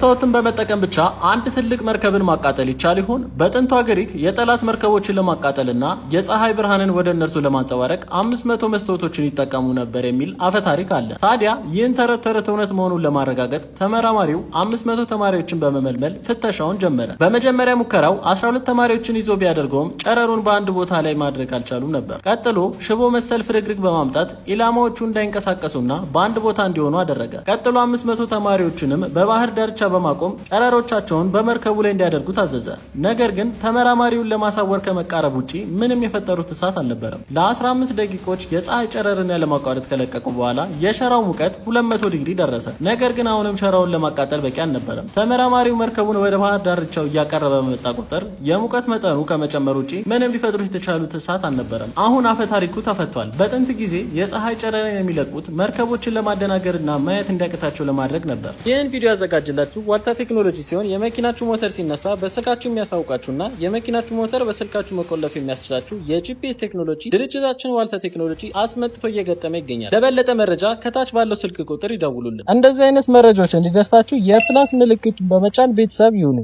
መስታወትን በመጠቀም ብቻ አንድ ትልቅ መርከብን ማቃጠል ይቻል ይሆን? በጥንቷ ግሪክ የጠላት መርከቦችን ለማቃጠልና የፀሐይ ብርሃንን ወደ እነርሱ ለማንጸባረቅ 500 መስታወቶችን ይጠቀሙ ነበር የሚል አፈታሪክ አለ። ታዲያ ይህን ተረት ተረት እውነት መሆኑን ለማረጋገጥ ተመራማሪው አምስት መቶ ተማሪዎችን በመመልመል ፍተሻውን ጀመረ። በመጀመሪያ ሙከራው 12 ተማሪዎችን ይዞ ቢያደርገውም ጨረሩን በአንድ ቦታ ላይ ማድረግ አልቻሉም ነበር። ቀጥሎ ሽቦ መሰል ፍርግርግ በማምጣት ኢላማዎቹ እንዳይንቀሳቀሱና በአንድ ቦታ እንዲሆኑ አደረገ። ቀጥሎ 500 ተማሪዎችንም በባህር ዳርቻ በማቆም ጨረሮቻቸውን በመርከቡ ላይ እንዲያደርጉ ታዘዘ። ነገር ግን ተመራማሪውን ለማሳወር ከመቃረብ ውጪ ምንም የፈጠሩት እሳት አልነበረም። ለ15 ደቂቆች የፀሐይ ጨረርን ያለማቋረጥ ከለቀቁ በኋላ የሸራው ሙቀት 200 ዲግሪ ደረሰ። ነገር ግን አሁንም ሸራውን ለማቃጠል በቂ አልነበረም። ተመራማሪው መርከቡን ወደ ባህር ዳርቻው እያቀረበ በመጣ ቁጥር የሙቀት መጠኑ ከመጨመር ውጪ ምንም ሊፈጥሩት የተቻሉት እሳት አልነበረም። አሁን አፈ ታሪኩ ተፈቷል። በጥንት ጊዜ የፀሐይ ጨረርን የሚለቁት መርከቦችን ለማደናገርና ማየት እንዲያቅታቸው ለማድረግ ነበር። ይህን ቪዲዮ ያዘጋጅላችሁ የሚያሳውቃችሁ ዋልታ ቴክኖሎጂ ሲሆን የመኪናችሁ ሞተር ሲነሳ በስልካችሁ የሚያሳውቃችሁና የመኪናችሁ ሞተር በስልካችሁ መቆለፍ የሚያስችላችሁ የጂፒኤስ ቴክኖሎጂ ድርጅታችን ዋልታ ቴክኖሎጂ አስመጥቶ እየገጠመ ይገኛል። ለበለጠ መረጃ ከታች ባለው ስልክ ቁጥር ይደውሉልን። እንደዚህ አይነት መረጃዎች እንዲደርሳችሁ የፕላስ ምልክቱን በመጫን ቤተሰብ ይሁኑ።